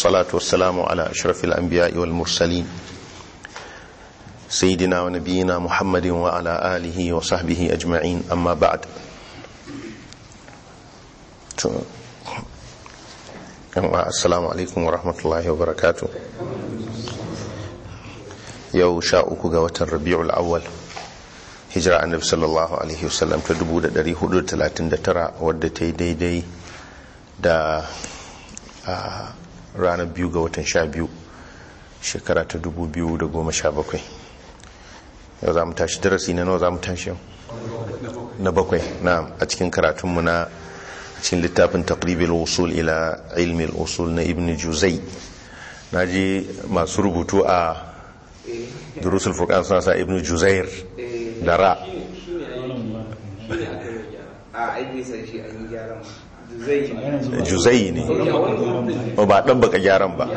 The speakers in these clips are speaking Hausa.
salatu wassalamu ala ashrafil anbiya'i wal mursalin sayidina wa nabiyyina muhammadin wa ala alihi wa sahbihi ajma'in amma ba'd to kuma assalamu alaikum wa rahmatullahi wa yau sha uku ga watan rabi'ul awwal hijra annabi sallallahu alaihi wasallam ta 439 wadda ta daidai da ranar biyu ga watan sha biyu shekara ta dubu biyu da goma sha bakwai yau za mu tashi darasi na nawa za mu tashi yau na bakwai na a cikin karatunmu na cikin littafin taqribil usul ila ilmil usul na ibn juzai na ji masu rubutu a durusul furqan suna sa ibn juzair da ra eh, juzai ne ba dan baka gyaran ba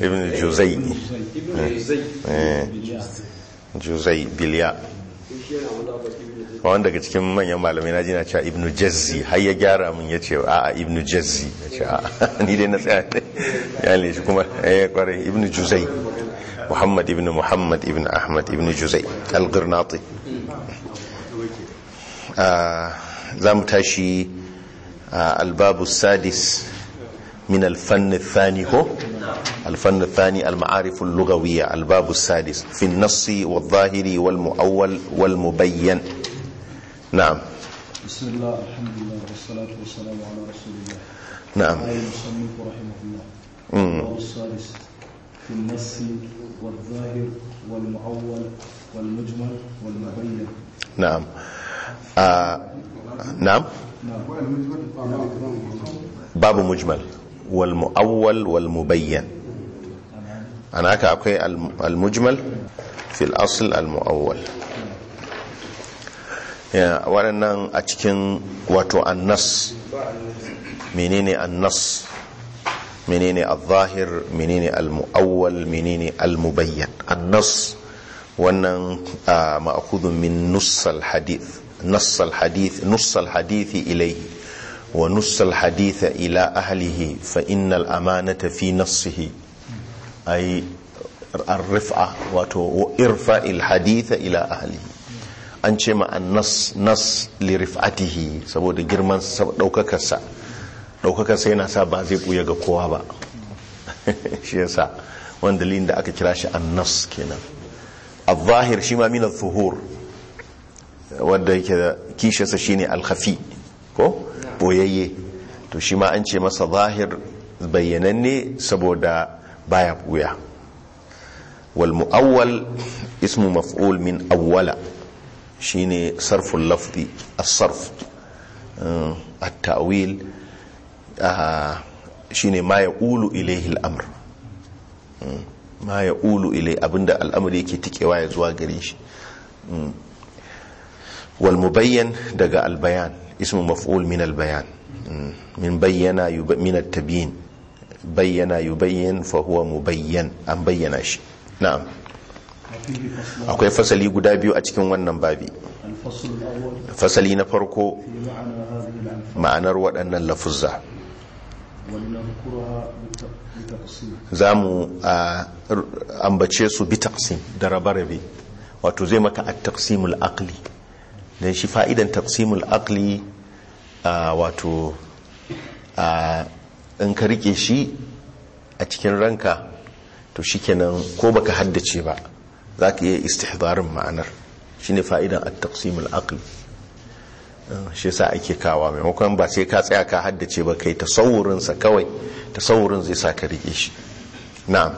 ibn juzai ne eh. juzai biliya wanda daga cikin manyan malamai na jina cewa ibn jazzi har ya gyara mun ya ce a a ibn jazzi ya ce a ni dai na tsaya ya ne shi kuma ya eh, kwarai ibn juzai Muhammad ibn Muhammad ibn Ahmad ibn Juzai al-Gurnati. Ah, za mu tashi ah, al-babu sadis min al-fannin thani ho? Al-fannin thani al-ma'arifin lugawiya al-babu sadis fin nasi wa zahiri wal mu'awwal wal mubayyan. Na'am. Bismillah, alhamdulillah, wa salatu في النص والظاهر والمعول والمجمل والمبين نعم آه نعم باب مجمل والمؤول والمبين أنا هكا أوكي المجمل في الأصل المؤول waɗannan a cikin wato annas menene annas menene al-zahir menene al-mu'awwal menene al-mubayyan an-nas wannan ma'khudun min nussal hadith hadith nussal hadithi ilayhi wa nussal haditha ila ahlihi fa innal amanata fi nassihi ay ar-rif'a wato irfa haditha ila ahlihi an ce ma an nas nas li rif'atihi saboda girman daukakarsa sai yana sa ba zai ɓuya ga kowa ba shi yasa wanda dalilin da aka kira shi annas kenan al-zahir shi ma minar zuhur wanda yake kishiyarsa shine al-khafi ko boyayye to shi ma an ce masa zahir bayyananne saboda baya ɓuya wal mu'awwal ismu maf'ul min awwala shine sarful lafzi as-sarf at-ta'wil shine ma ya ulu ilaihi al'amr hmm. ma ya ulu ilai abinda al'amari yake tikewa ya zuwa gare shi hmm. wal mubayyan daga albayan ismu maf'ul min albayan hmm. min bayyana min at-tabyin bayyana yubayyin fa huwa mubayyan an bayyana shi na'am akwai fasali guda biyu a cikin wannan babi fasali na farko ma'anar waɗannan lafuzza za mu ambace su bi taqsim da rabe-rabe wato zai maka a taqsimul aqli don shi fa'idan taqsimul aqli wato in ka rike shi a cikin ranka to shi kenan ko baka haddace ba za ka iya istihbarin ma'anar shi ne fa'idan a taqsimul aqli shi sa ake kawa maimakon ba sai ka tsaya ka haddace ba kai tasawurinsa kawai tasawurin zai sa ka rike shi na'am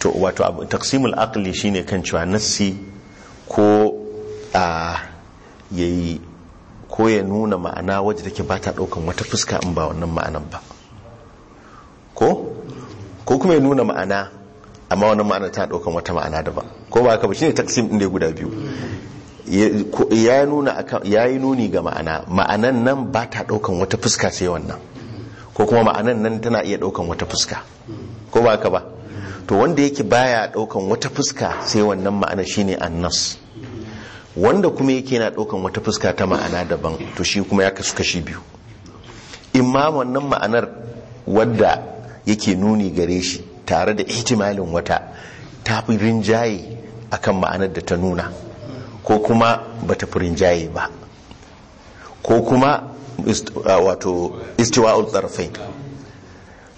to wato taqsimul aqli shine kan cewa nassi ko a yayi ko ya nuna ma'ana wadda take ba ta daukan wata fuska in ba wannan ma'anan ba ko kuma ya nuna ma'ana amma wani ma'ana ta ɗaukan wata ma'ana da ba ko ba haka ba shine taksim ɗin da guda biyu ya nuna ya yi nuni ga ma'ana ma'anan nan ba ta ɗaukan wata fuska sai wannan ko kuma ma'anan nan tana iya ɗaukan wata fuska ko ba haka ba to wanda yake baya ɗaukan wata fuska sai wannan ma'ana shine annas wanda kuma yake yana ɗaukan wata fuska ta ma'ana daban to shi kuma ya kasu kashi biyu imma wannan ma'anar wadda yake nuni gare shi tare da ihtimalin wata ta fi rinjaye akan ma'anar da ta nuna ko kuma ba ta fi rinjaye ba ko kuma wato istiwa To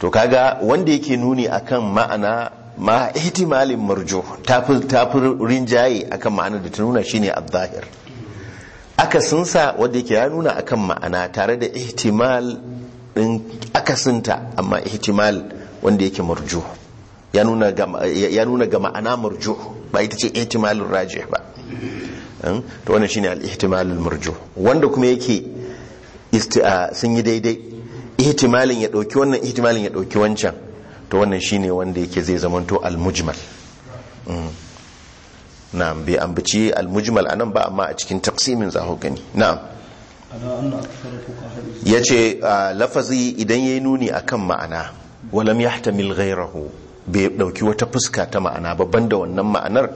to kaga wanda yake nuni akan ma'ana ma ihtimalin marjo fi rinjaye akan ma'anar da ta nuna shine azahir? akasinsa wanda yake ya nuna akan ma'ana tare da ihtimal din akasinta amma ihtimal wanda yake marju ya nuna ga ma'ana marju ba ita ce ihtimalin rajih ba to wannan shine al-ihtimalul marju wanda kuma yake sun yi daidai ihtimalin ya dauki wannan ihtimalin ya dauki wancan to wannan shine wanda yake zai to al-mujmal na'am bai ambaci al-mujmal anan ba amma a cikin taqsimin zaho gani na'am yace lafazi idan yayi nuni akan ma'ana walam yahtamil ghayrahu bai dauki wata fuska ta ma'ana babban da wannan ma'anar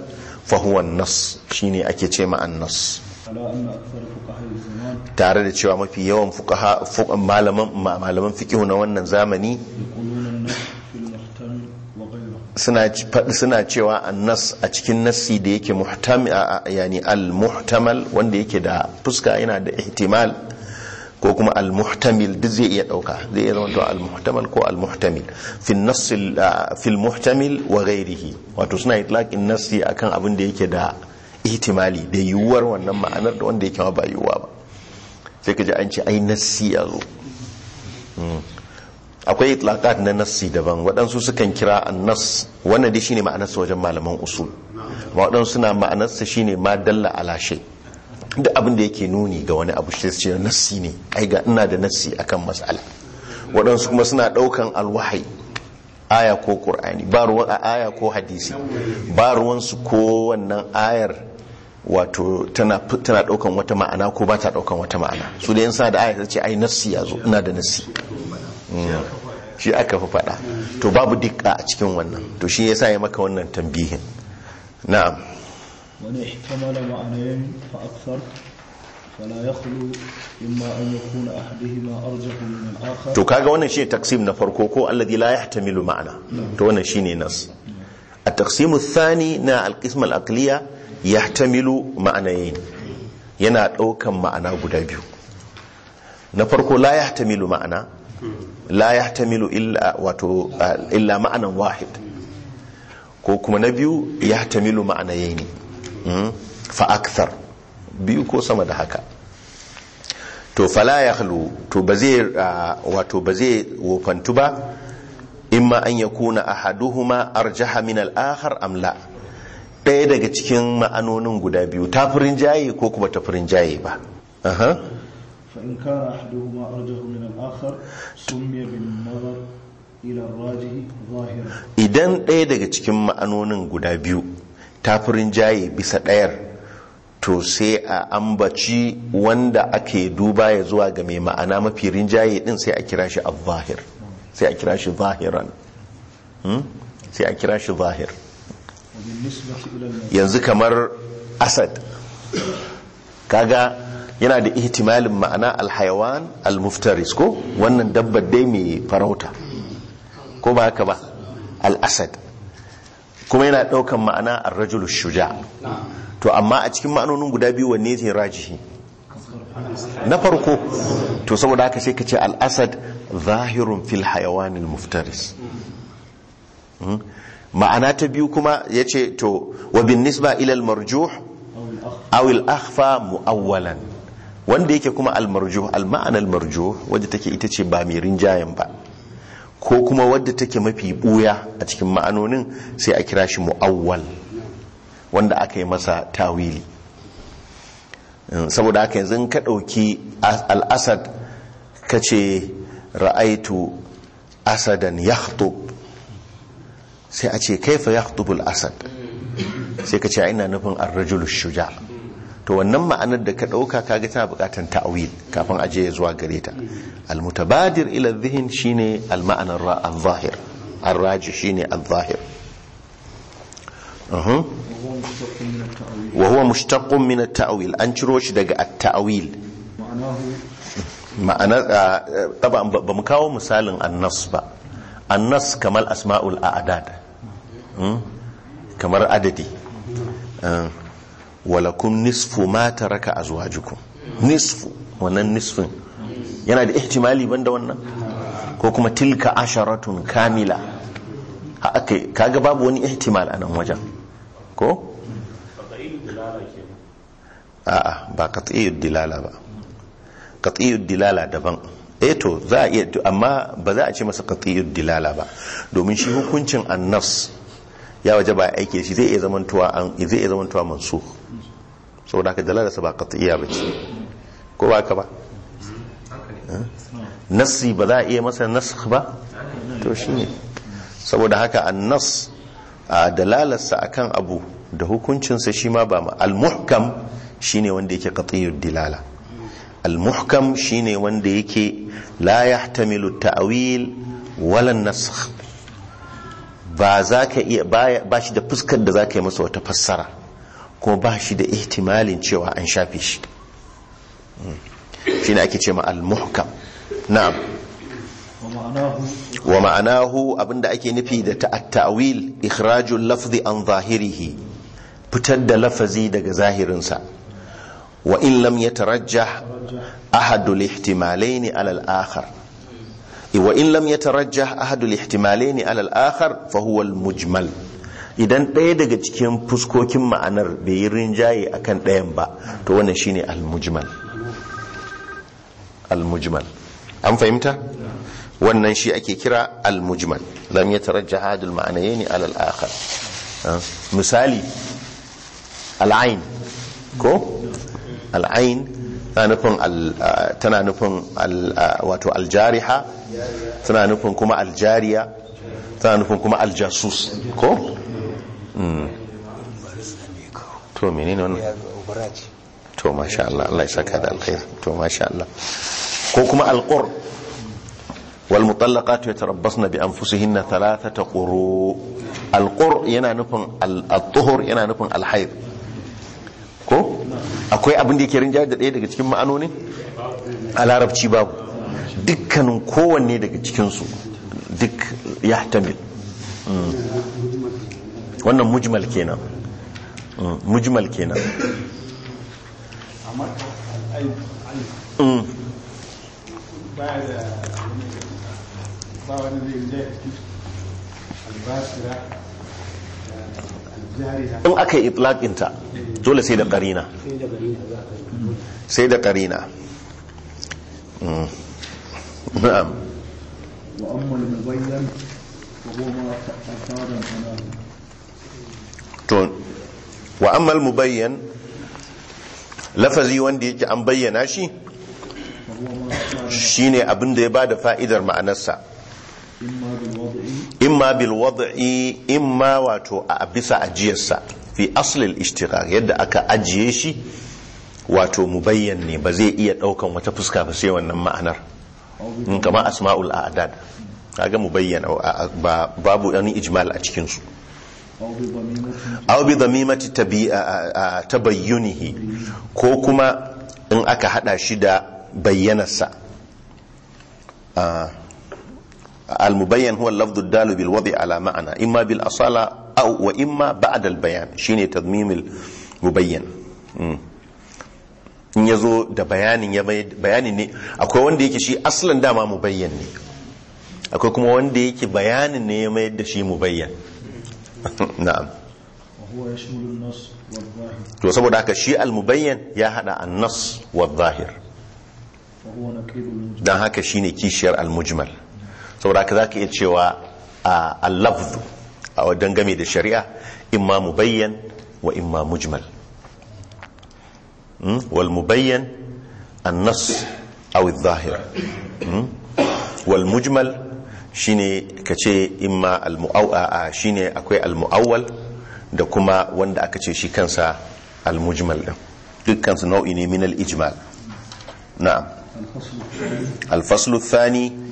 fa nas. nas shine ake ce ma nas tare da cewa mafi yawan fuqaha malaman malaman na wannan zamani suna cewa annas a cikin nassi da yake yani al-muhtamal wanda yake da fuska yana da ihtimal ko kuma al-muhtamil duk zai iya dauka zai iya zama al-muhtamal ko al-muhtamil fi nass ah, fi muhtamil wa ghairihi wato suna itlaqin nassi akan abin da yake da ihtimali da yiwuwar wannan ma'anar da wanda yake ma ba yiwuwa ba sai ka ji an ce ai nassi ya hmm. akwai itlaqat na nassi daban waɗansu sukan kira an-nass wannan dai shine sa wajen malaman usul waɗansu suna ma'anar ma'anarsa shine ma dalla ala shay' Da abin da yake nuni ga wani abu shi ce nassi ne ai ga ina da nassi akan mas'ala waɗansu kuma suna ɗaukan alwahai aya ko ƙur'ani ba ruwan aya ko hadisi ba su ko wannan ayar wato tana ɗaukan wata ma'ana ko ba ta ɗaukan wata ma'ana su da yin sa da aya ta ce ai nassi ya zo ina da nassi mm. shi aka fi faɗa to babu dikka a cikin wannan to shi yasa ya maka wannan tambihin na'am وإن احتمل معنيين فأكثر فلا يخلو إما أن يكون أحدهما أرجح من الآخر تو كاغا wannan shine Taksim na farko ko alladhi la yahtamilu ma'ana, to wannan shine nas at-taqsim ath-thani na al-qism al-aqliya yahtamilu ma'nayn yana daukan ma'ana guda biyu na farko la yahtamilu ma'ana, la yahtamilu illa wato illa ma'nan wahid ko kuma na biyu yahtamilu ma'nayn Hmm? fa akthar biyu ko sama da haka to fala halu to ba zai ah, wato ba zai wofantu ba In ma an yakuna ahaduhuma arjaha min al-akhar am la ɗaya daga cikin ma'anonin guda biyu tafirin jaye ko kuma tafirin jaye ba فإن كان أحدهما أرجح من الآخر سمي بالنظر إلى الراجح ظاهرا Idan ɗaya daga cikin ma'anonin guda biyu tafirin jaye bisa ɗayar to sai a ambaci wanda ake duba ya zuwa ga mai ma'ana mafi rinjaye din sai a kira shi sai a kira shi zahiran hmm? sai a kira shi zahir yanzu kamar asad kaga yana da ihtimalin ma'ana alhaiwan almuftaris ko wannan dabba dai mai farauta ko ba haka ba al-asad kuma yana daukan ma'ana ar rajul shuja to amma a cikin ma'anonin guda biyu wanne ne rajihi na farko to saboda haka sai ka ce al-asad zahirun fil hayawanil muftaris hmm? ma'ana ta biyu kuma yace to wa bin nisba ilal marjuh awil akhfa mu'awwalan wanda yake kuma al marjuh al ma'ana al marjuh wadda take ita ce ba mai rinjayen ba ko kuma wadda take mafi buya a cikin ma'anonin sai a kira shi mu'awwal wanda aka yi masa tawili mm, saboda haka yanzu ka ɗauki al'asad ka ce ra'aitu asadan yahtub sai a ce kaifa yahtubul asad sai ka ce a ina nufin arrajulu shuja' to wannan ma'anar da ka ɗauka kaga tana buƙatar ta'awil kafin aje ya zuwa gare ta mutabadir ila dhihin shine alma'anar al-zahir ar-raji shine al-zahir wa huwa min at-ta'wil an ciro shi daga at-ta'wil ma'ana ah, eh, taba ba mu kawo misalin annas ba annas kamar asma'ul a'dad hmm? kamar adadi eh. walakum nisfu ma taraka azwajukum nisfu wannan nisfin yana da ihtimali banda wannan ko kuma tilka asharatun kamila akai kaga babu wani ihtimal a nan wajen ko a'a ba qat'iyud dilala ba qat'iyud dilala daban eh to za a iya amma ba za a ce masa qat'iyud dilala ba domin shi hukuncin annas ya waje ba aiki shi zai iya zamantowa an zai iya zamantowa mansukh ba haka dalalarsa ba ce ko ba ka ba nassi ba za a iya masa nasakh ba to shine saboda haka an nas a dalalarsa akan abu da hukuncinsa shi ma ba al-muhkam shine wanda yake qat'iyyud dilala al-muhkam shine wanda yake la yahtamilu ta'awil wala nasakh ba za ka iya ba shi da fuskar da za ka yi masa wata fassara kuma ba shi da ihtimalin cewa an shafe shi hmm. shi ne ake ce ma al na'am wa ma'anahu abinda ake nufi da ta'awil ikhrajul lafzi an zahirihi fitar da lafazi daga zahirinsa wa in lam yatarajjah ahadul ihtimalaini alal akhar wa in lam tarajja ahadul ihtimalaini alal akhar fa huwa al mujmal idan ɗaya daga cikin fuskokin ma'anar bai yi rinjaye akan ɗayan ba to wannan shine al mujmal al mujmal an fahimta wannan shi ake kira al mujmal lam yatarajjah ahadul ma'anaini alal akhar ah, misali al ain ko al ain tana nufin wato aljariha tana nufin kuma aljariya tana nufin kuma aljasus ko? Hmm. to menene wannan to masha Allah Allah ya saka da to masha Allah ko kuma alqur wal yatarabbasna bi anfusihinna thalathata quru alqur yana nufin al-tuhur yana nufin al-hayd ko akwai abin da yake rinja da ɗaya daga cikin ma'anoni a larabci babu dukkanin kowanne daga cikinsu duk ya tamil wannan mujmal kenan mujmal kenan ba wani zai in aka yi itlaƙinta dole sai da ƙarina sai da ƙarina mm. na'am wa ammal mubayyan lafazi wanda yake an bayyana shi shine abin da ya da fa'idar ma'anarsa imma bil wad'i imma wato a bisa ajiyarsa fi aslil ishtirar yadda aka ajiye shi wato mu ne ba zai iya daukan wata fuska ba sai wannan ma'anar in hmm, kama asma'ul a'dad kaga ba babu wani ijmal a cikin su aw bi damimati tabayyunihi ko kuma in aka hada shi da bayyanarsa ah, Almubayyan mubayyan huwa lafdhu dalu bil ala ma'ana imma bil asala aw wa imma ba'da bayan shine tadmim al mubayyan hmm. in da bayanin ya ne akwai wanda yake shi aslan dama mubayyan ne akwai kuma wanda yake bayanin ne ya mayar da shi mubayyan na'am to saboda haka shi al-mubayyan ya haɗa an-nas dan haka shine kishiyar al-mujmal za ka iya cewa a lafzu a game da shari'a imma mubayyan wa imma mujmal hmm? wal mubayyan an-nass aw hmm? wal mujmal shine kace imma al-mu'awwa shine akwai al-mu'awwal da kuma wanda aka ce shi kansa al-mujmal din dukkan nau'i ne min al-ijmal na'am al-faslu thani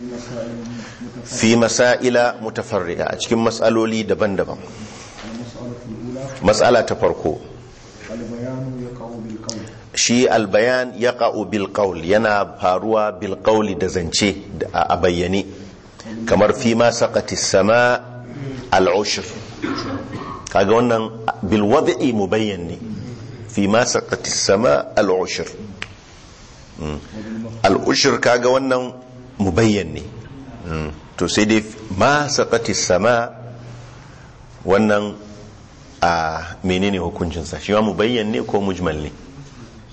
fi masaila mutafarriqa a cikin matsaloli daban-daban matsala ta farko shi albayan ya ƙa'u bilƙaul yana faruwa bilƙauli da zance a bayyane kamar fi ma saƙati sama al'ushir kaga wannan bilwada'i mu bayyan ne fi ma saƙati sama al'ushir hmm. al'ushir kaga wannan mu bayyan Hmm. to sai dai ma sakati sama wannan a menene hukuncinsa shi ma mu bayyan ne ko mujmal ne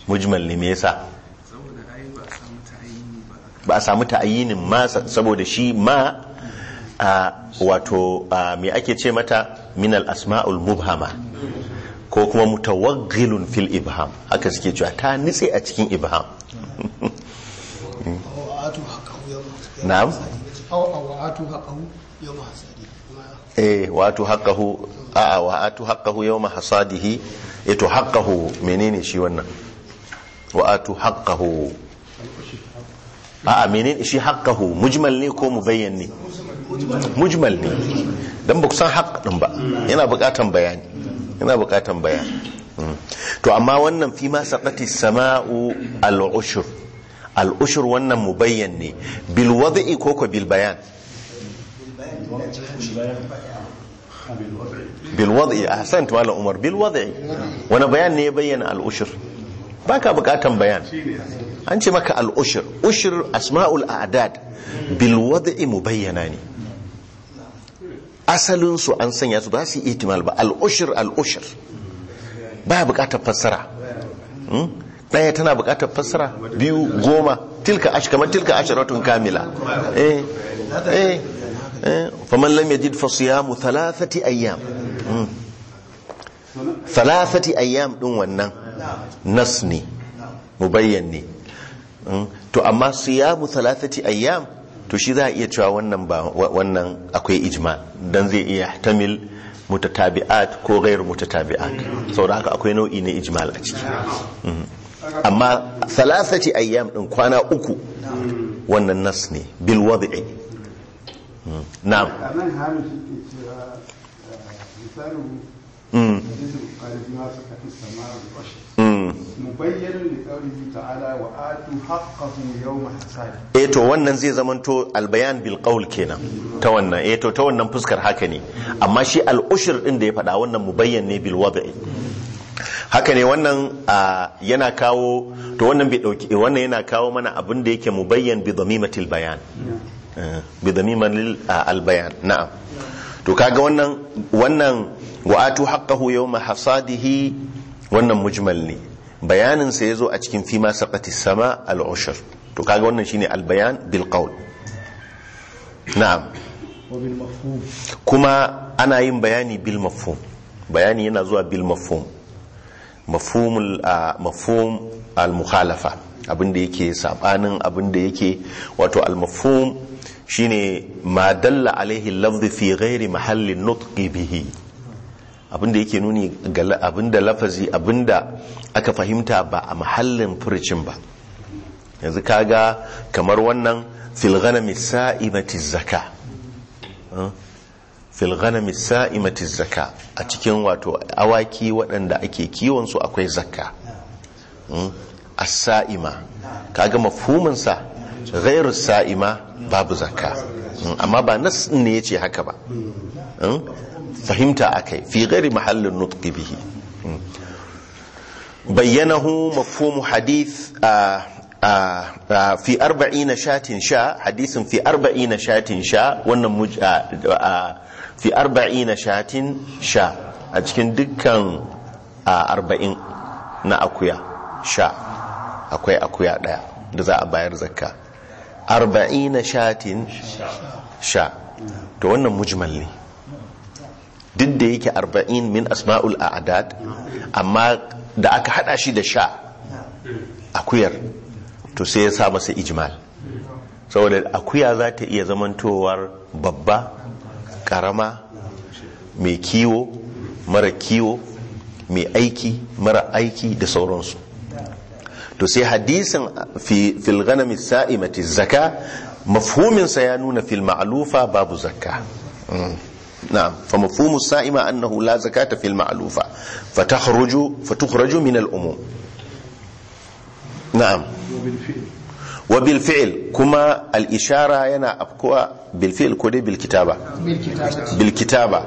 mujmal ne me yasa ba a samu ta'ayyinin ma saboda shi ma a wato me ake ce mata minal asma'ul mubhama ko kuma mutawaggilun fil ibham haka suke cewa ta nitse a cikin ibham hmm. na'am eh wato haqqahu a'a wa atu haqqahu yawma hasadihi eto eh, eh, haqqahu menene shi wannan wa atu haqqahu a'a menene shi haqqahu mujmal ne ko mubayyan ne mujmal ne dan ba ku san haqq din ba yana buƙatan bayani yana buƙatan bayani hmm. to amma wannan fi ma saqati sama'u al-ushur al'ushur wannan mubayyan ne bil wada'i ko ko bil bayan bil wada'i ahsanta umar bil wada'i wani bayan ne ya bayyana al'ushur ka bukatan bayan an ce maka al'ushur Ushir asma'ul a'dad bil wada'i bayyana ne asalinsu an sanya su ba su itimal ba Al'ushir, al'ushir. ba bukatar fassara hmm? ɗaya tana buƙatar fassara biyu goma tilka ash kamar tilka asharatun kamila eh eh eh faman lam yajid fa siyamu thalathati ayyam hmm. thalathati ayyam din wannan nas ne mubayyan ne hmm. to amma siyamu thalathati ayyam to shi za a iya cewa wannan ba wannan akwai ijma dan zai iya tamil mutatabi'at ko ghairu mutatabi'at saboda haka akwai nau'i na ijmal a ciki hmm. amma salasati ayyam din kwana uku wannan nas ne bil wad'i hmm, na'am eto eh, hmm. hmm. eh, wannan zai zamanto albayan bilkaul kenan ta wannan eto eh, ta wannan fuskar haka ne amma shi al'ushir din da ya faɗa wannan mubayyan ne bil haka ne wannan yana kawo to wannan bai dauki wannan yana kawo mana abin da yake mubayyan bi dhamimatil bayan eh, bi dhamimatil al bayan na'am to kaga wannan wannan wa'atu haqqahu yawma hasadihi wannan mujmal ne bayanin sa yazo a cikin fima saqati sama al ushr to kaga wannan shine al bayan bil qawl na'am kuma ana yin bayani bil mafhum bayani yana zuwa bil mafhum mafhumul mafhum al-mukhalafa abinda yake sabanin abinda yake wato al-mafhum shine ma dalla alaihi lafzi fi ghairi mahallin nutqi bihi abinda yake nuni ga abinda lafazi abinda aka fahimta ba a mahallin furcin ba yanzu kaga kamar wannan filgana ghanami sa'imati fil ghanami sa'imati zakka a cikin wato awaki waɗanda ake kiwon akwai zakka hmm? A saima kaga mafhumin sa ghairu sa'ima babu zakka hmm? amma ba nas ne ya ce haka ba hmm? fahimta akai fi ghairi mahallin nutqi bihi bayyanahu mafhumu hadith fi arba'ina shatin sha hadisin fi arba'ina shatin sha wannan fi arba'ina shatin sha a cikin dukkan a arba'in na akuya sha akwai akuya daya da za a bayar zakka arba'ina shatin sha to wannan mujmal ne duk da yake arba'in min asma'ul a'adad amma da aka hada shi da sha akuyar to sai ya sa masa ijmal saboda akuya za ta iya zamantowar babba karama mai kiwo mara kiwo mai aiki mara aiki da sauransu to sai hadisin fil sa'imati zaka mafhuminsa ya nuna fil babu zakka نعم فمفهوم السائمة أنه لا wa bil fi'l kuma al ishara yana afkuwa bil ko dai bil kitaba bil kitaba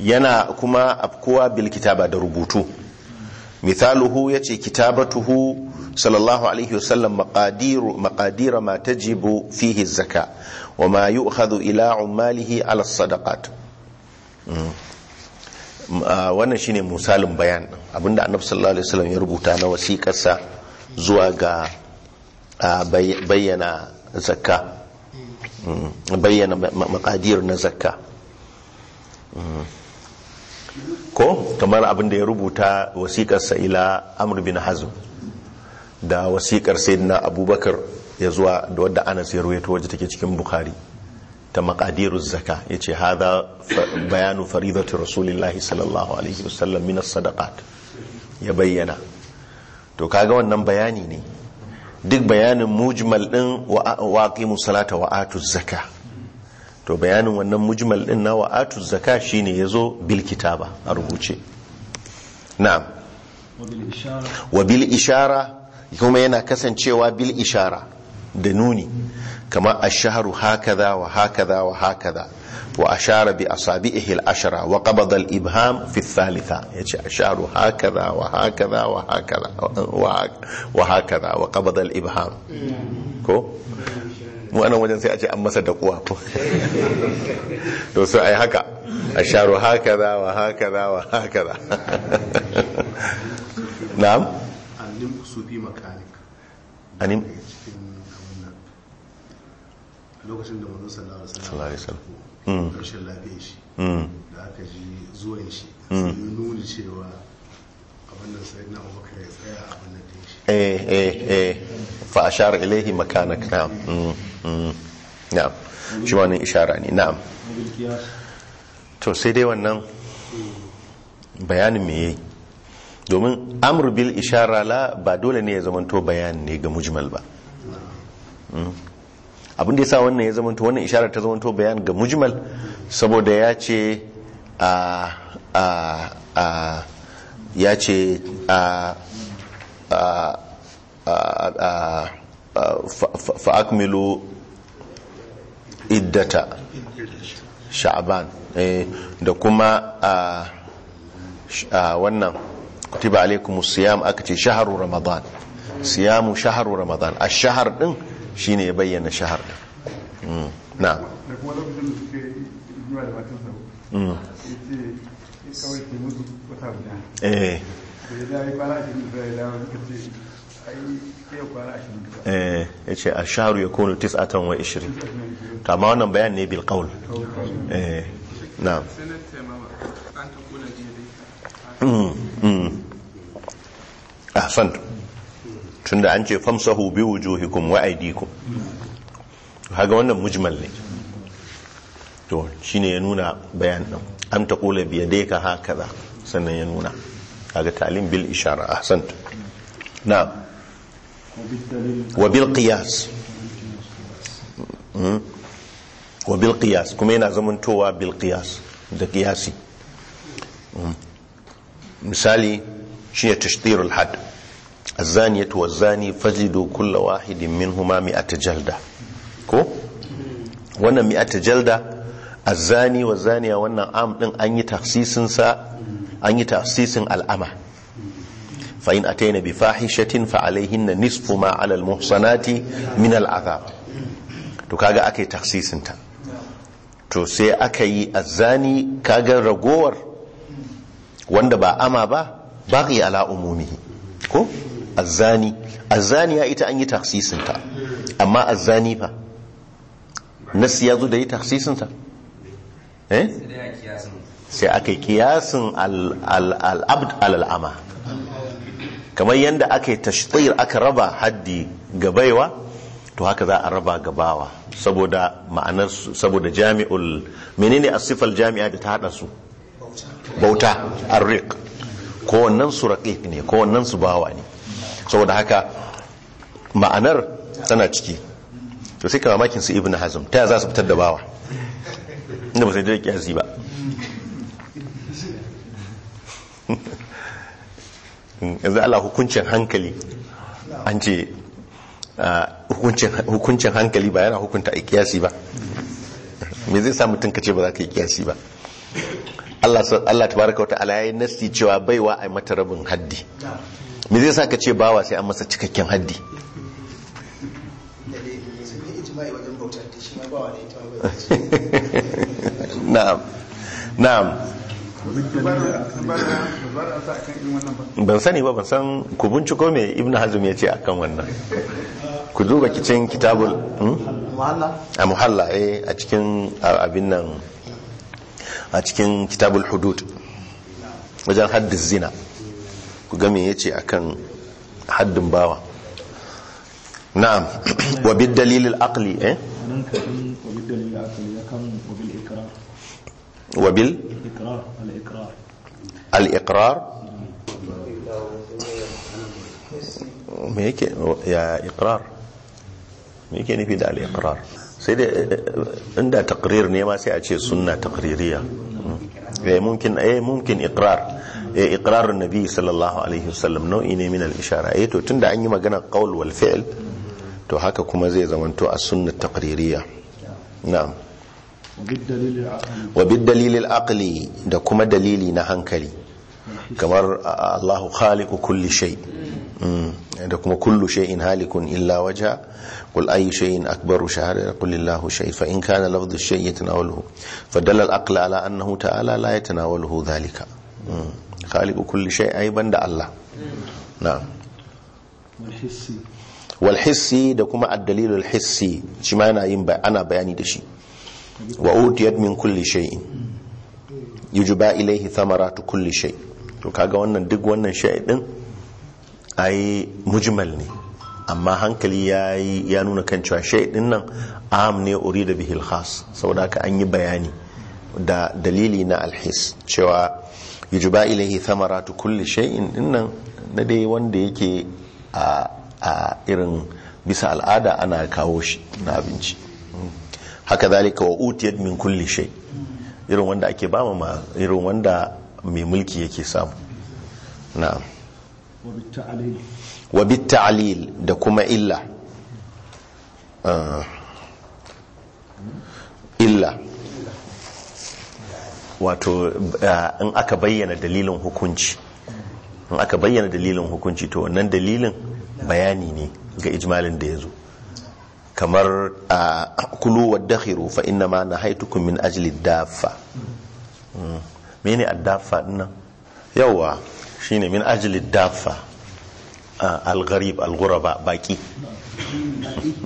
yana kuma afkuwa bil kitaba da rubutu mithaluhu yace kitabatuhu sallallahu alaihi wasallam maqadiru maqadira ma tajibu fihi zaka wa ma yu'khadhu ila umalihi ala sadaqat mm. wannan shine misalin bayan abinda annabi sallallahu alaihi wasallam ya rubuta na wasiƙarsa zuwa ga bayyana zakka mm. bayyana makadir na zakka mm. ko kamar abin da ya rubuta wasiƙarsa ila amr bin hazm da wasiƙar sayyidina abubakar ya zuwa da wadda anas ya ruwaito waje take cikin bukhari ta Zakka, zaka yace haza bayanu faridatu rasulillahi sallallahu alaihi wasallam min as-sadaqat ya bayyana to kaga wannan bayani ne duk bayanin mujmal din wa aqimu salata wa atu zakka to bayanin wannan mujmal din na wa atu zakka shine yazo bil kitaba a rubuce na'am wa bil ishara kuma yana kasancewa bil ishara da nuni kama ash-shahru hakaza wa hakaza wa hakaza وأشار بأصابعه العشرة وقبض الإبهام في الثالثة أشار هكذا وهكذا وهكذا وهكذا وقبض الإبهام كو وأنا وجن سيأتي أما صدقوا تو سأي هكا أشار هكذا وهكذا وهكذا نعم أنم سوبي مكانك أنم lokacin da manzo sallallahu alaihi wasallam Mm. rashin lafiya shi mm. da aka ji zuwan shi mm. sai nuna cewa abin da sai na abubakar ya tsaya abin da ta shi eh eh eh fa ashara ilaihi makanak na'am Na, shi wannan ishara ne na'am to sai dai wannan bayanin me yayi domin amurbil ishara la ba dole ne ya zamanto bayani ne ga mujmal ba abin da ya sa wannan ya zamanto wannan isharar ta zamanto bayan ga mujmal saboda ya ce a a a ya ce a a fa'akmilu iddata sha'aban eh, da kuma a wannan kutiba alaikumus siyam aka ce shaharu ramadan siyamu shaharu ramadan a shahar din shi ne ya bayyana shahar da mm, na mm. eh. eh, ya ce a shaharu ya kone a wa ishirin kama wannan bayan ne kawul eh, na mm, ahsan tunda an ce famsahu bi wujuhikum wa aydikum haga wannan mujmal ne to shine ya nuna bayan din am taqula bi yadayka hakaza sannan ya nuna kaga ta'lim bil ishara ahsant na'am wa bil qiyas hmm? wa bil qiyas kuma yana zamantowa bil qiyas da qiyasi hmm. misali shine tashdirul hadd الزانية والزاني فجدوا كل واحد منهما مئة جلدة كو وانا مئة جلدة الزاني والزانية وانا عام ان أني تخصيص سا أني تخصيص الاما فإن أتينا بفاحشة فعليهن نصف ما على المحصنات من العذاب تو كاغا اكي تخصيصن تا تو سي اكي الزاني كاغا رغور ragowar wanda ba ama ba baƙi ala umumihi azzani ya ita an yi taksisinta amma azzani fa nasi ya zo da yi taksisinta eh? sai aka yi kiyasin al'abd al'ama kamar yadda aka yi tashtir aka raba haddi ga baiwa to haka za a raba gabawa saboda ma'anar saboda jami'ul menene asifal jami'a da ta hada su bauta arriq kowannen su raqiq ne kowannen su bawa ne saboda haka ma'anar tana ciki to sai kama makin su ibn hazm ta za su fitar da bawa inda ba sai dai kiyasi ba yanzu Allah hukuncin hankali an ce hukuncin hankali ba yana hukunta a kiyasi ba me zai sa mutum kace ba za ka yi kiyasi ba Allah tabaraka wa ta'ala yayin nasti cewa baiwa a mata rabin haddi me zai sa ka ce bawa sai an masa cikakken haddi na'am na'am ban sani ba ban san ku binciko me ibn hazm ya ce akan wannan ku duba kicin kitabul hmm? a muhalla eh, a cikin abin nan a cikin kitabul hudud wajen haddis zina ku game me yace akan haddin bawa na'am wa bid dalil aqli eh wa bi. al iqrar me yake ya iqrar me yake nufi da al iqrar sai da eh, inda takrir ne ma sai a ce sunna takririya hmm. eh mumkin eh mumkin iqrar Eh, iqrarun nabi sallallahu alaihi wasallam nau'i ne min al-ishara eh to tunda an yi magana qaul wal fi'l to haka kuma zai zamanto a sunnat taqririyya na'am wa bid dalil al-aqli da kuma dalili na hankali kamar Allahu khaliqu kulli shay mm. da kuma kullu shay'in halikun illa waja qul ayu shay'in akbaru shahada qul illahu shay fa in kana lafdhu shay yatanawaluhu fa dalal aqla ala annahu ta'ala la yatanawaluhu dhalika mm. khaliqu kulli Allah na'am da kuma a dalilul hissi shi yana yin ana bayani da shi wa utiyat min kulli shay'in yujba ilaihi samaratu kulli shay to kaga wannan duk wannan shay din ai mujmal ne amma hankali yayi ya nuna kan cewa shay din nan am ne urida bihil khas saboda haka an yi bayani da dalili na alhis cewa yujba ilaihi thamaratu kulli shay'in dinnan na dai wanda yake a a irin bisa al'ada ana kawo shi na abinci haka zalika wa utiyat min kulli shay irin wanda ake ba ma irin wanda mai mulki yake samu na'am wa bit ta'lil da kuma illa ah. illa wato eh, in aka bayyana dalilin hukunci in aka bayyana dalilin hukunci to wannan dalilin bayani ne ga ijmalin da ya zo kamar a eh, kulu wa dakhiru fa inna ma nahaitukum min ajli dafa hmm. mene addafa dinnan yawa shine min ajli dafa eh, al-gharib al-ghuraba baki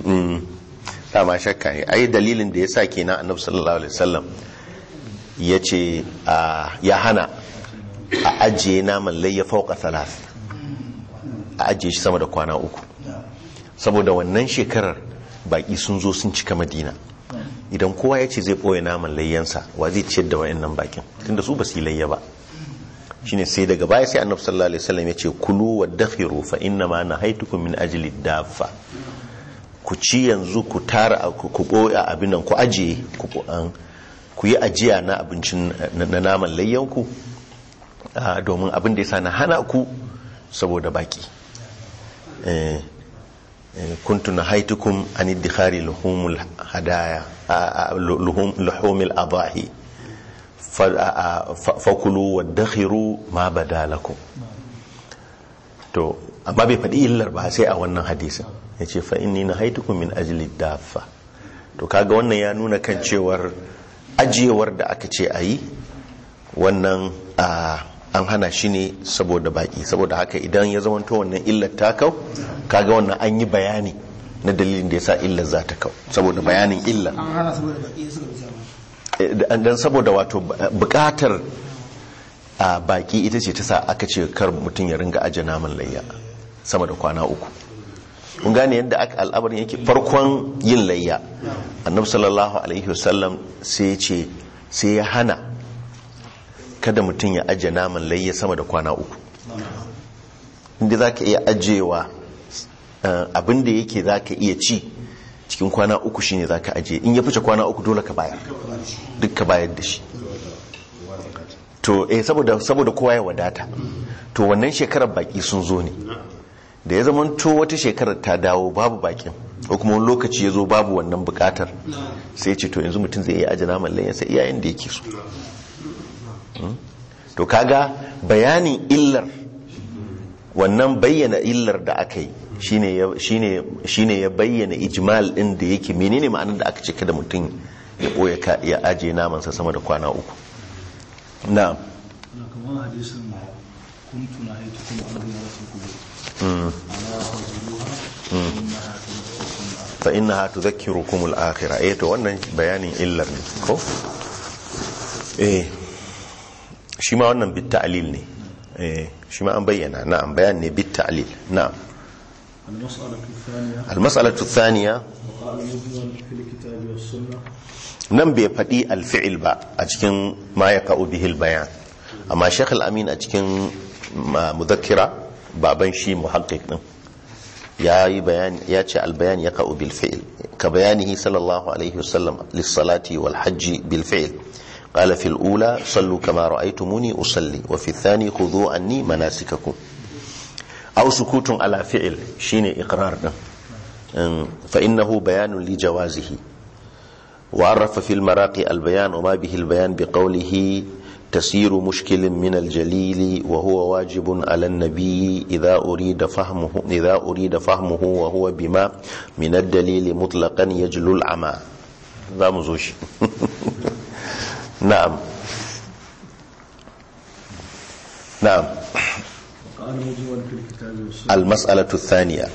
hmm. dama shakka ne ai dalilin da ya sa kenan annabi sallallahu alaihi wasallam ya ce ya hana a ajiye naman layya fauka salas a ajiye shi sama da kwana uku saboda wannan shekarar baƙi sun zo sun cika madina idan kowa ya ce zai ɓoye naman layyansa wa zai ciyar da nan bakin da su ba su yi layya ba shine sai daga baya sai annabi sallallahu alaihi wasallam ya ce kulu wa dakhiru fa inna ma nahaitukum min ajli dafa ku ci yanzu ku tara ku ɓoye abin nan ku ajiye ku an ku yi ajiya na abincin na naman layyanku domin abin da ya sa na hana ku saboda baki eh, eh, kuntu na haitukum an iddihari luhumul hadaya abahi fakulu wa dakhiru ma badalakum to amma bai faɗi illar ba sai a wannan hadisin ya ce fa'in ni na haitukum min ajli dafa to kaga wannan ya nuna kan cewar ajiyewar da aka ce a yi wannan an hana shi ne saboda baki saboda haka idan ya zamanto wannan illar ta kau kaga wannan an yi bayani na dalilin da ya sa illar za ta kau saboda bayanin illar eh, dan saboda wato bukatar baki ita ce ta sa aka ce kar mutum ya ringa aje naman layya sama da kwana uku mun gane yadda aka al'amarin yake farkon yin layya annabi sallallahu alaihi wasallam sai ce sai ya hana kada mutum ya ajiye naman layya sama da kwana uku inda za ka iya ajiyewa eh, abinda yake za ka iya ci cikin kwana uku shine za ka ajiye in ya fice kwana uku dole ka bayar duk ka bayar da shi to eh saboda kowa ya wadata to wannan shekarar baki sun zo ne da ya zamanto wata shekarar ta dawo babu bakin ko kuma wani lokaci ya zo babu wannan bukatar sai ce to yanzu mutum zai iya ajiye naman sai iyayen da yake so hmm? to kaga bayanin illar wannan bayyana illar da aka yi shine ya bayyana ijmal din da yake menene ma'anar da aka ce kada mutum ya boye ka ya ajiye namansa sama da kwana uku na kamar hadisin kuntuna ya fa innaha tudhakkirukum al-akhirah eh to wannan bayanin illar ne ko eh shi ma wannan bit ta'lil ne eh shi ma an bayyana na'am bayan ne bit ta'lil na'am al-mas'alatu thaniya nan bai faɗi al ba a cikin ma yaqa'u bihi al-bayan amma shaykh amin a cikin mudakira. baban shi muhaqqiq din ya yi bayani ya ce albayan ya ka'u bil fi'l ka bayanihi sallallahu alaihi wasallam lis salati wal hajji bil fi'l qala fil ula sallu kama ra'aytumuni usalli wa fi thani khudhu anni manasikakum aw sukutun ala fi'l shine iqrar din um, fa innahu bayanun li jawazihi وعرف في albayan wa وما bayan bi بقوله تسير مشكل من الجليل وهو واجب على النبي إذا أريد فهمه إذا أريد فهمه وهو بما من الدليل مطلقا يجلو العمى ذا مزوش نعم نعم المسألة الثانية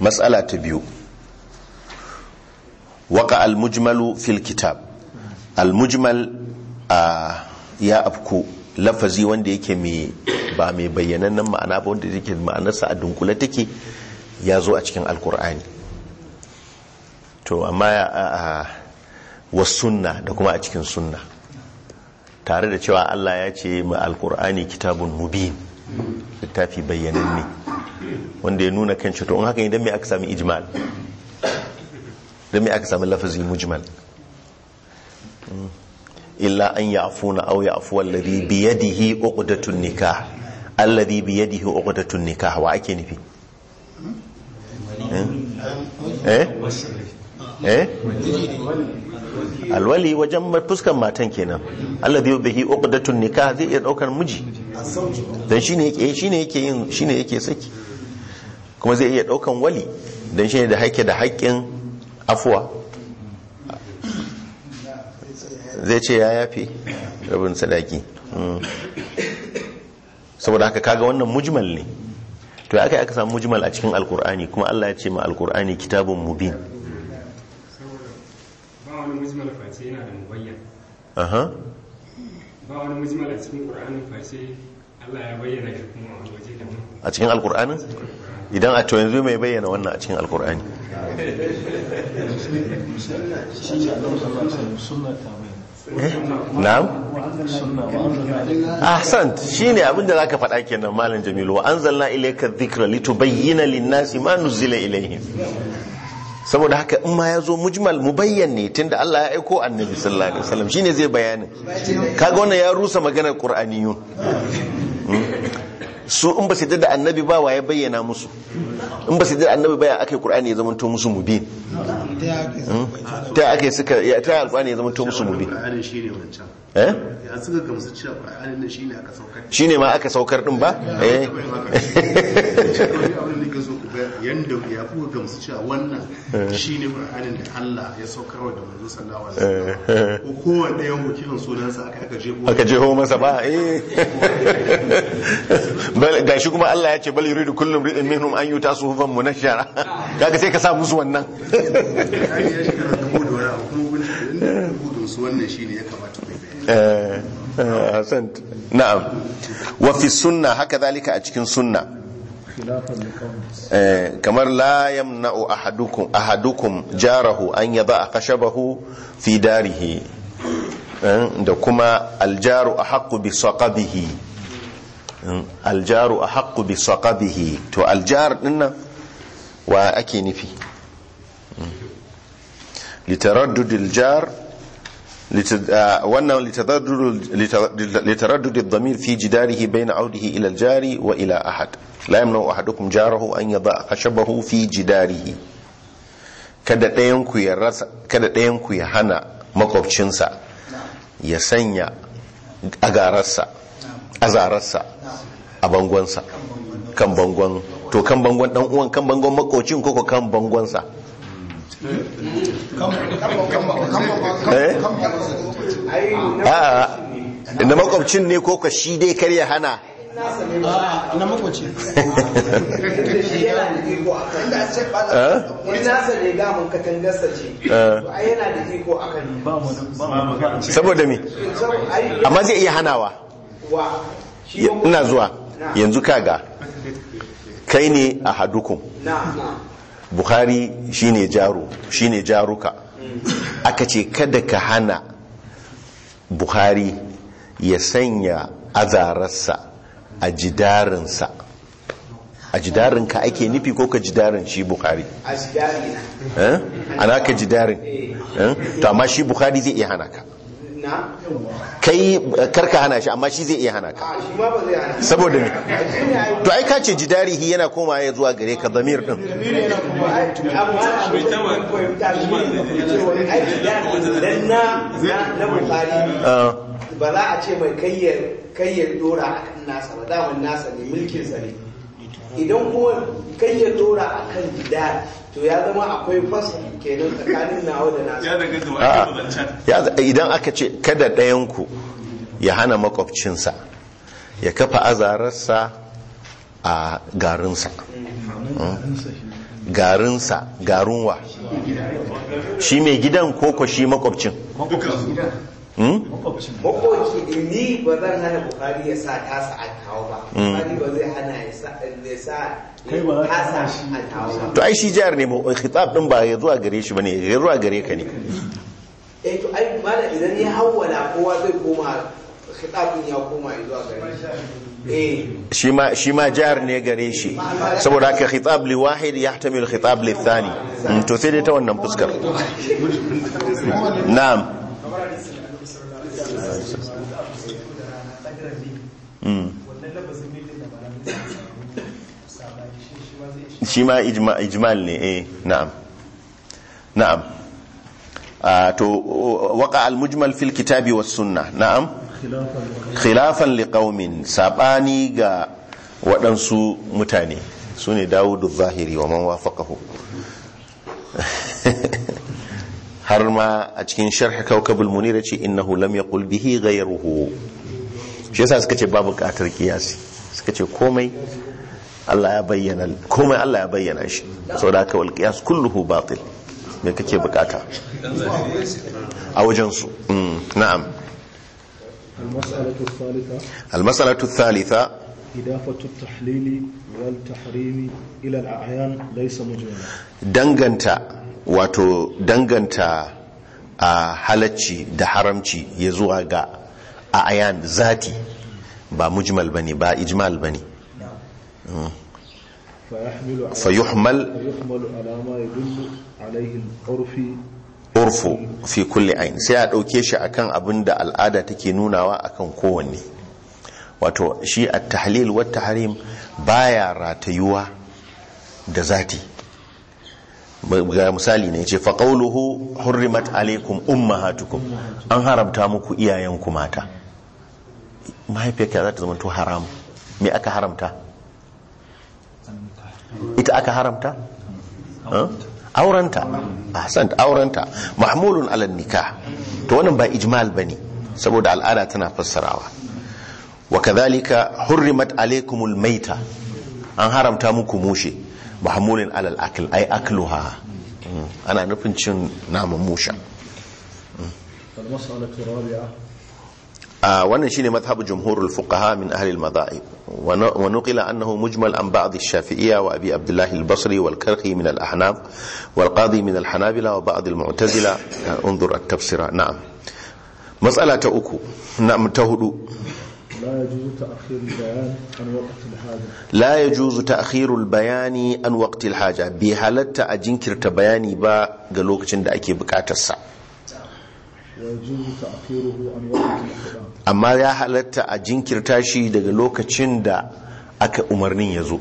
مسألة تبيو وقع المجمل في الكتاب المجمل آه ya afko lafazi wanda yake mai ba mai nan ma'ana ba wanda yake ma'anarsa a dunkule take ya zo a cikin alkur'ani to amma a wa sunna da kuma a cikin sunna tare da cewa Allah ya ce ma alkur'ani kitabun mubin littafi ne wanda ya nuna kan to in haka idan mai aka sami ijmal don mai aka sami lafazi mujmal hmm. illa an ya'funa aw ya'fu alladhi bi yadihi uqdatun nikah allazi bi yadihi uqdatun nikah wa ake nufi eh eh, eh? alwali wajen fuskan matan kenan allazi bihi uqdatun nikah zai iya daukar miji dan shine yake eh, shine yake yin shine yake saki kuma zai iya daukan wali dan shine da haike da haƙin afuwa zai ce ya yafe rabin sadaki hmm. saboda haka kaga wannan mujmal ne to ya aka aka samu mujmal a cikin alkur'ani kuma Allah ya ce ma alkur'ani kitabun mubin ba wani mujmal face yana da mubayyan aha ba wani mujmal a cikin qur'anin face Allah ya bayyana shi kuma a waje da a cikin AlKur'ani idan a to yanzu mai bayyana wannan a cikin alkur'ani Eh? na'am ahsant shine abinda zaka faɗa kenan malam jamilu wa anzalna ilayka dhikra litubayyana lin-nasi ma nuzila ilayhim saboda haka in ma zo mujmal mubayyan ne tunda Allah ya aiko annabi sallallahu alaihi wasallam shine zai ka kaga wannan ya rusa maganar qur'aniyun hmm? Su! in ba su da annabi ba wa ya bayyana musu in ba su da annabi ba ya aka yi qur'ani ya zama to musu mubin hmm? ta aka suka ya ta alqur'ani ya zama to musu mubin eh ya suka gamsu cewa qur'ani ne shine aka saukar shine ma aka saukar din ba eh yanda ya ku gamsu cewa wannan eh. shine qur'anin da Allah ya saukar wa da manzo sallallahu alaihi eh. wasallam ko kowanne yan kiran sunansa aka aka jeho aka jeho masa ba eh gashi kuma Allah ya ce bal yuridu kullum ridin minhum an yuta suhufan munashshara kaga sai ka sa musu wannan eh, eh, na'am wa fi sunna haka zalika a cikin sunna eh, kamar la yamna'u ahadukum ahadukum jarahu an a kashabahu fi darihi da kuma aljaru a haƙƙu bi saƙabihi aljaru a haƙƙu bi saƙabihi to aljar dinnan wa ake nufi litaraddudil jar wannan litaraddudil damir fi jidarihi bayna audihi ila wa ila ahad la yamna'u ahadukum jarahu an a ashabahu fi jidarihi kada ɗayan ku ya hana makwabcinsa ya sanya agararsa a zararsa a bangonsa kan bangon to kan bangon dan uwan kan bangon makocin koko kan bangonsa na eh? makwabcin ne koko shi dai kar ya hana na saboda me amma zai iya hanawa ina zuwa yanzu kaga kai ne a hadukun bukhari shine jaru shine jaruka mm. aka ce kada ka hana bukhari ya sanya azararsa a jidarinsa a jidarinka ake nufi ko ka jidarin shi bukhari a eh? jidarin ana ka jidarin to amma shi bukhari zai iya hana ka kai karka hana shi amma shi zai iya hana ka saboda ne to ai ka ce darihi yana koma ya zuwa gare ka zamir din ah. ba za a ce mai kayyar dora a kan nasa ba damun nasa ne sa ne idan ko kai ya tora a kan gida to ya zama akwai fasa kenan tsakanin nawa da nasa ya daga zuwa idan aka ce kada ɗayanku ya hana makwabcinsa ya kafa azararsa a garinsa hmm? garinsa garinwa shi mai gidan koko shi makwabcin Hmm? makoci ni ba zan hana bukari ya sa tasa a kawo ba hmm. bukari ba zai hana ya sa tasa a kawo ba to ai shi jihar ne mai khitab din ba ya zuwa gare shi bane ya zuwa gare ka ne eh to ai mala idan ya hawwala kowa zai koma khitab din ya koma zuwa gare shi eh. shi ma jihar ne gare shi saboda haka khitab li wahid yahtamilu khitab li thani hmm, to sai dai ta wannan fuskar na'am ne hmm. shi ma zai ne eh na'am na'am ah, to waqa almujmal mujmal fil kitabi was sunna na'am khilafan liqaumin sabani ga waɗansu mutane sune dawudu zahiri wa man wafaqahu har ma a cikin sharh kawkabul munir ce innahu lam yaqul bihi ghayruhu shi yasa suka ce babu buƙatar kiyasi suka ce komai Allah ya bayyana komai Allah ya bayyana shi saboda haka wal qiyas kulluhu batil me kake bukata a wajen su mm, na'am al-mas'alatu thalitha idafatu at-tahlil wal tahrim ila al-a'yan laysa mujmala danganta wato danganta a halacci da haramci ya zuwa ga a ayan zati ba mujmal bane ba ijmal bane فيحمل فيحمل على ما يدل sai a ɗauke shi akan da al'ada take nunawa akan kowanne wato shi at-tahlil wa tahrim baya ratayuwa da zati ga misali ne ce fa qawluhu hurrimat alaykum ummahatukum an haramta muku iyayenku mata mahaifiyarka za ta zamanto haram me aka haramta ita aka haramta aurenta ahsant aurenta mahmulun ala nikah to wannan ba ijmal bane saboda al'ada tana fassarawa wa kadhalika hurrimat alaykumul maita an haramta muku mushe mahmulun Alal al-akl ay akluha hmm. ana nufin cin naman musha hmm. Ah, wannan shine mazhabu jumhurul fuqaha min ahli al-madha'i wa nuqila annahu mujmal an ba'd ash-shafi'iyya wa abi abdullah al-basri wal karhi min al-ahnaf wal qadi min al-hanabila wa ba'd al-mu'tazila ah, unzur at-tafsira na'am matsala ta uku na'am ta hudu لا يجوز تأخير البيان عن a الحاجة bayani يجوز تأخير البيان عن وقت الحاجة بهالتا أجنكر تبياني با قلوك جند أكي بكاتسا amma ya halatta a jinkirta shi daga lokacin da aka umarnin ya zo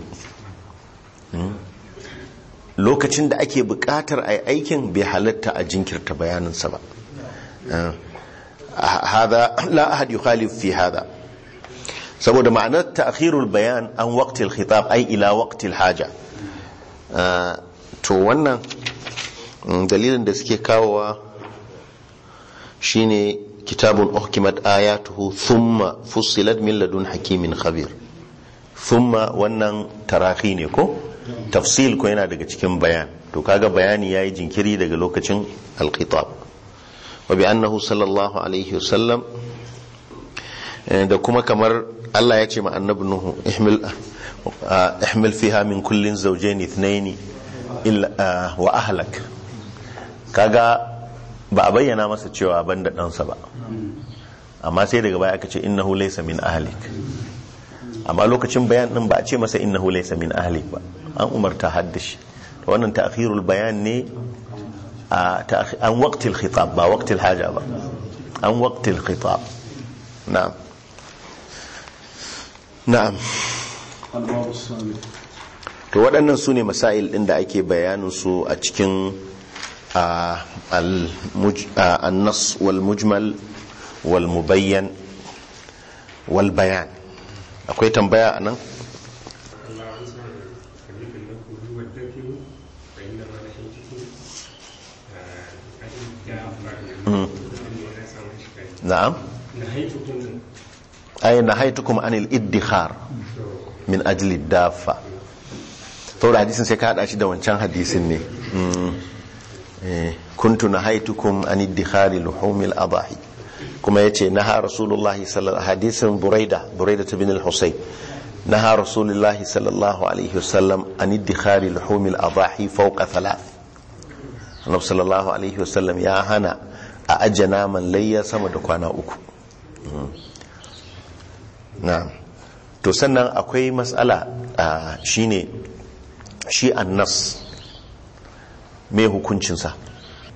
lokacin da ake bukatar a aikin bai halatta a jinkirta bayaninsa ba hada la ahad yukhalif fi hada saboda ma'anar ta'khirul bayan an waqtil khitab ai ila waqtil haja to wannan dalilin da suke kawowa shine kitabun aya ayatuhu thumma fussilat min ladun hakimin khabir thumma wannan tarahi ne ko tafsil ko yana daga cikin bayan to kaga bayani yayi jinkiri daga lokacin alkitab wa bi annahu sallallahu alaihi wasallam eh, da kuma kamar Allah ya ce ma annabi nuhu ihmil eh, fiha min kullin zawjayn ithnayn illa eh, wa ahlak kaga ba a bayyana masa cewa ban da ɗansa ba amma sai daga baya aka ce innahu laysa min ahalik amma lokacin bayan ɗin ba a ce masa innahu laysa min ahalik ba an umarta haddashi to wannan ta'khirul bayan ne a an waqtil khitab ba waqtil haja ba an waqtil khitab na'am na'am to waɗannan su ne masail ɗin da ake bayanin su a cikin النص والمجمل والمبين والبيان akwai tambaya anan na'am ay nahaitukum anil iddikhar min ajli dafa saboda hadisin sai ka hada shi da wancan hadisin ne Eh, kuntu nahaitukum an iddikhari luhumil adahi kuma yace naha rasulullahi sallallahu hadisin buraida buraida bin al-husayn naha rasulullahi sallallahu alaihi wasallam an iddikhari luhumil adahi fawqa thalath annabi sallallahu alaihi wasallam ya hana a aje naman layya sama da kwana uku hmm. to sannan akwai mas'ala ah, shine shi nas. mai hukuncinsa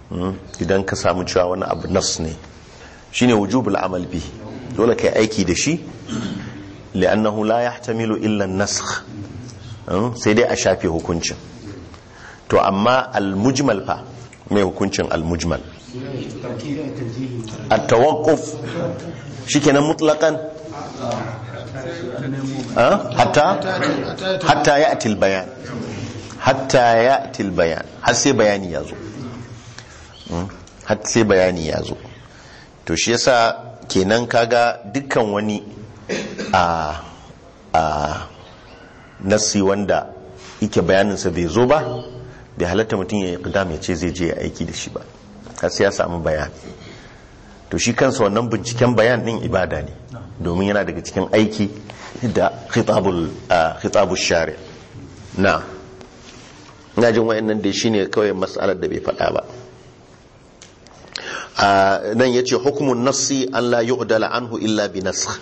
hmm? idan ka samu cewa wani abu nas ne shine wujubul amal bi dole kai aiki da shi li'annahu la yahtamilu illa an-nasakh hmm? sai dai a shafe hukuncin to amma al-mujmal fa Me hukuncin al-mujmal at-tawaqquf shikenan mutlaqan hatta hatta ya'ti al-bayan hatta ya til bayan har sai bayani ya zo hmm? har sai bayani ya zo to shi yasa kenan kaga dukkan wani a a nasi wanda yake bayaninsa bai zo ba bai halatta mutum ya ikdam ya ce zai je ya aiki da shi ba har sai ya samu bayan to shi kansa wannan binciken bayan din ibada ne domin yana daga cikin aiki da khitabul khitabul na na jin wa'annan shi shine kawai mas'alar da bai faɗa ba nan yace hukumun nassi an la yu'dala anhu illa bi nasakh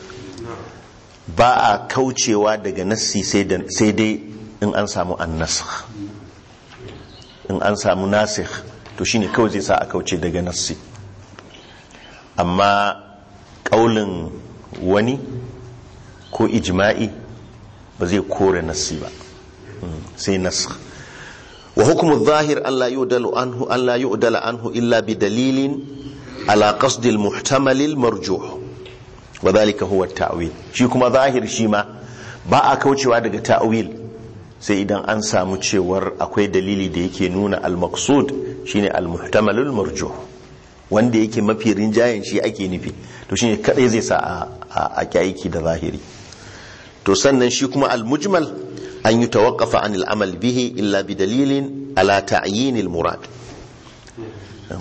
ba a kaucewa daga nassi sai dai in an samu an nasakh in an samu nasikh to shine kawai zai sa a kauce daga nassi amma kaulin wani ko ijima'i ba zai kore nassi ba hmm, sai nasakh wa hukumu zahir an yu'dalu anhu an la anhu illa bi dalilin ala qasd al muhtamal huwa at ta'wil shi kuma zahir shi ma ba a kaucewa daga ta'awil sai idan an samu cewar akwai dalili da yake nuna al maqsud shine al muhtamal al marjuh wanda yake mafi rinjayen shi ake nufi to shine kadai zai sa a aiki da zahiri to sannan shi kuma al mujmal an yi tawakafa an al'amal bihi illa bi dalilin ala ta'yinil murad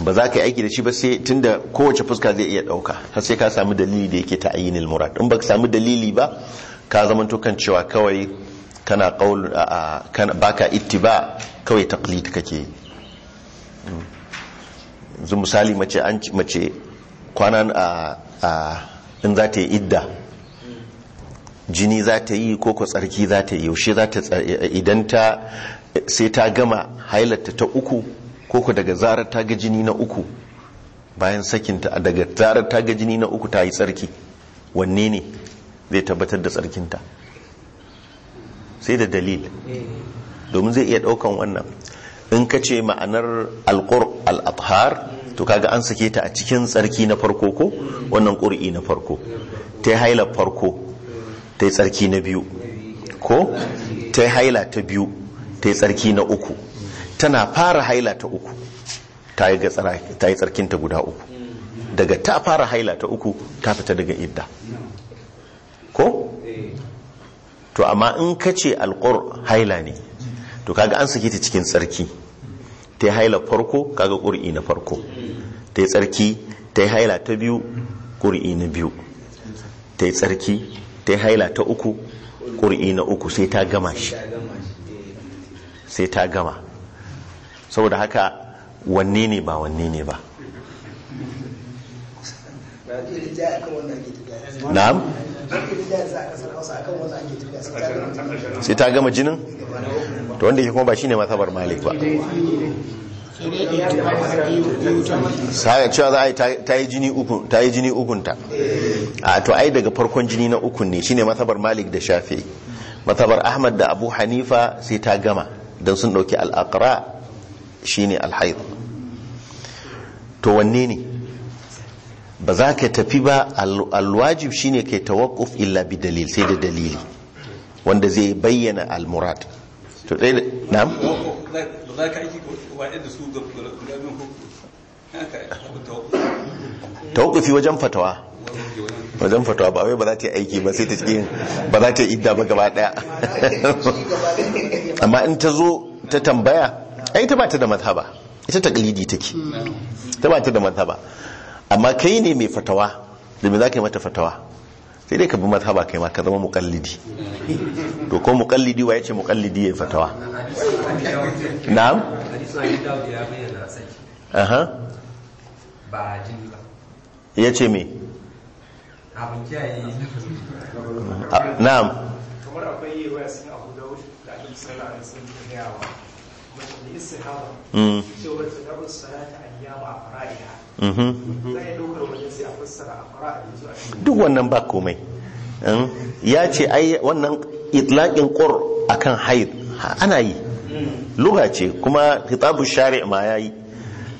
ba za ka yi aiki da shi ba sai tunda kowace fuska zai iya dauka har sai ka sami dalili da yake ta'yinil murad in baka samu dalili ba ka zama to kan cewa kawai kana qaul kana baka ittiba kawai taqlid kake misali mace an mace kwanan in za ta yi idda jini za ta yi ko ko tsarki za ta yi yaushe za ta idan ta sai ta gama hailata ta uku ko ko daga zarar ta ga jini na uku bayan sakinta daga zarar ta ga jini na uku ta yi tsarki wanne ne zai tabbatar da tsarkinta sai da dalil domin zai iya daukan wannan in ka ce ma'anar al al'adhar to kaga an sake ta a cikin tsarki na farko ko wannan ƙuri'i na farko ta haila farko ta yi tsarki na biyu ko ta yi haila ta biyu ta yi tsarki na uku tana fara haila ta uku ta yi tsarkinta guda uku daga ta fara haila ta uku ta fita daga idda ko to amma in ka ce alkur haila ne to kaga an suke ta cikin tsarki ta yi haila farko kaga ƙuri'i na farko ta yi tsarki ta yi haila ta biyu ƙuri'i na biyu ta yi tsarki ta haila ta uku ƙuri'i na uku sai ta gama shi sai ta gama saboda haka wanne ne ba wanne ne ba na'am sai ta gama jinin to wanda ke kuma ba shi ne matabar malik ba sai cewa za a yi ta yi jini uku ukunta a to ai daga farkon jini na ukun ne shine matabar malik da shafi matabar ahmad da abu hanifa sai ta gama don sun dauki al'aqra shine alhaid to wanne ne ba za ka tafi ba alwajib shine kai tawakuf illa bi dalil sai da dalili wanda zai bayyana almurad to dai na ba za ka aiki su ga wajen fatawa wajen fatawa ba wai ba za ta yi aiki ba sai ta cikin ba za ta yi idda ba gaba daya amma in ta zo ta tambaya ai ta ba ta da mazhaba ita taqlidi take ta ba ta da mazhaba amma kai ne mai fatawa da za ka yi mata fatawa sai dai ka bi mazhaba kai ma ka zama muƙallidi to ko muƙallidi wa yace muƙallidi yayi fatawa na'am aha ba jini yace me na'am kamar akwai yi wa sun abu da wuce da ake sallah da sun yawa mace da istihara hmm. cewa ta da salata Mhm. duk wannan ba komai mhm. ya ce ai wannan itlaƙin ƙor a kan haid ana yi hmm. luga ce kuma hitabu shari ma ya yi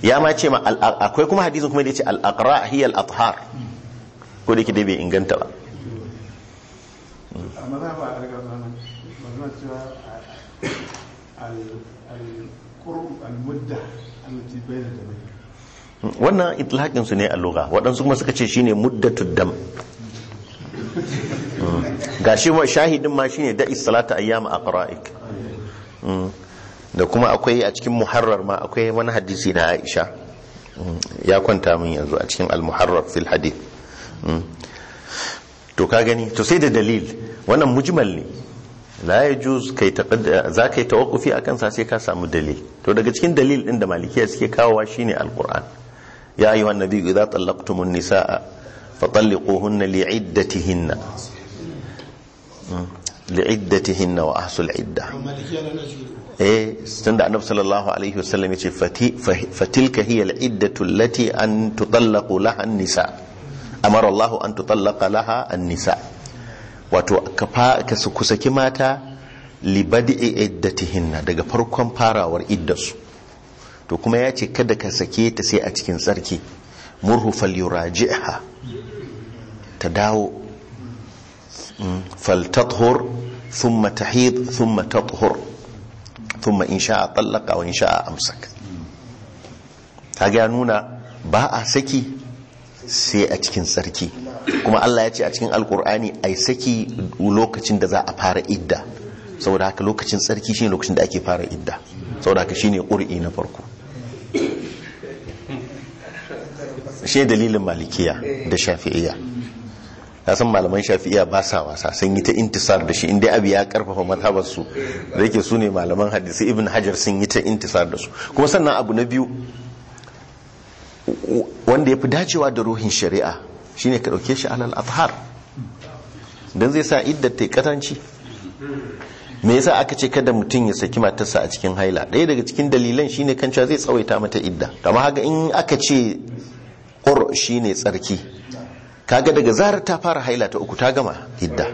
ya ma ce ma akwai kuma hadisun kuma da ce a hiyar al'adhar ko da ke dai bai inganta ba a التي بين الجميع wannan itlaqin su ne a lugha waɗansu kuma suka ce shine muddatun dam hmm. Ga shi wa shahidin ma shine da salata a aqra'ik hmm. da kuma akwai a cikin muharrar ma akwai wani hadisi na Aisha hmm. ya kwanta min yanzu a cikin al-muharrar fil hadith to ka gani to sai da dalil wannan mujmal ne la ya kai za ka yi tawakufi a kansa sai ka samu dalil to daga cikin dalil ɗin da malikiya suke kawowa shine al-Qur'an ya ayyuhan nabiyyu idza tallaqtumun nisaa fatalliquhunna li'iddatihinna li'iddatihinna wa ahsul idda eh da annabi sallallahu alaihi wasallam yace fatilka hiya al-iddatu allati an tutallaqu laha an-nisa amara Allah an tutallaqa laha an-nisa wato ka su kusaki mata libadi iddatihinna daga farkon farawar iddarsu to kuma ya ce kada ka sake ta sai a cikin tsarki murhu falyuraji'ha ta dawo mm, faltathur thumma tahid thumma tathur thumma in a tallaqa wa in a amsak ta ga nuna ba a saki sai a cikin tsarki kuma Allah ya ce a cikin alkur'ani yi saki lokacin da za a fara idda saboda haka lokacin tsarki shine lokacin da ake fara idda saboda haka shine ƙuri'i na farko shi dalilin malikiya da shafi'iya ya san malaman shafi'iya ba sa wasa sun yi ta intisar da shi inda abu ya karfafa matabarsu su da yake su ne malaman hadisi ibn hajar sun yi ta intisar da su kuma sannan abu na biyu wanda ya fi dacewa da ruhin shari'a shine ka ɗauke shi alal azhar dan zai sa iddar ta katanci me yasa aka ce kada mutum ya saki matarsa a cikin haila ɗaya daga cikin dalilan shine kan cewa zai tsawaita mata idda kamar haka in aka ce shi shine tsarki kaga daga zarar ta fara haila ta uku ta gama idda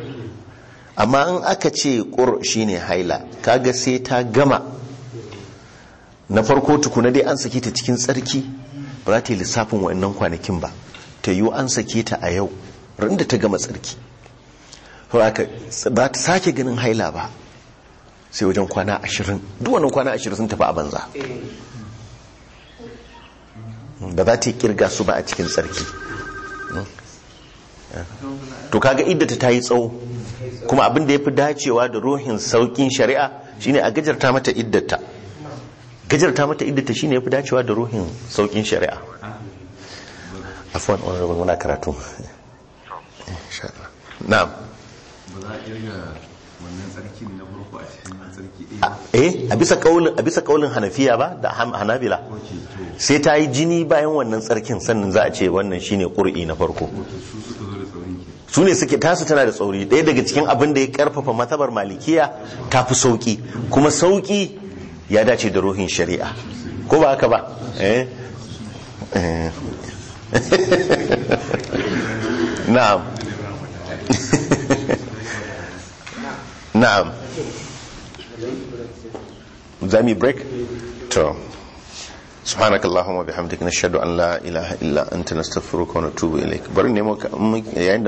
amma in aka ce shi shine haila kaga sai ta gama na farko tukuna dai an sake ta cikin tsarki ba za ta yi lissafin wa'annan kwanakin ba ta yi an sake ta a yau rinda ta gama tsarki ba ta sake ganin haila ba sai wajen kwana ashirin duwannan kwana ashirin sun tafi a banza ba za ta yi kirga su ba a cikin tsarki to kaga iddata ta yi tsawo kuma abin da ya fi dacewa da ruhin saukin shari'a shine a gajarta mata iddata gajarta mata iddata shine ya fi dacewa da ruhin saukin shari'a wani honorable muna karatu na'am eh a bisa kaulin hanafiya ba da hanabila sai ta yi jini bayan wannan tsarkin sannan za a ce wannan shine kur'i na farko su ne suke tasu tana da tsauri ɗaya daga cikin abin da ya karfafa matabar malikiya ta fi sauki kuma sauƙi ya dace da ruhin shari'a ko ba haka ba eh. Eh. na'am zami break to سبحانك اللهم وبحمدك نشهد ان لا اله الا انت نستغفرك ونتوب اليك bari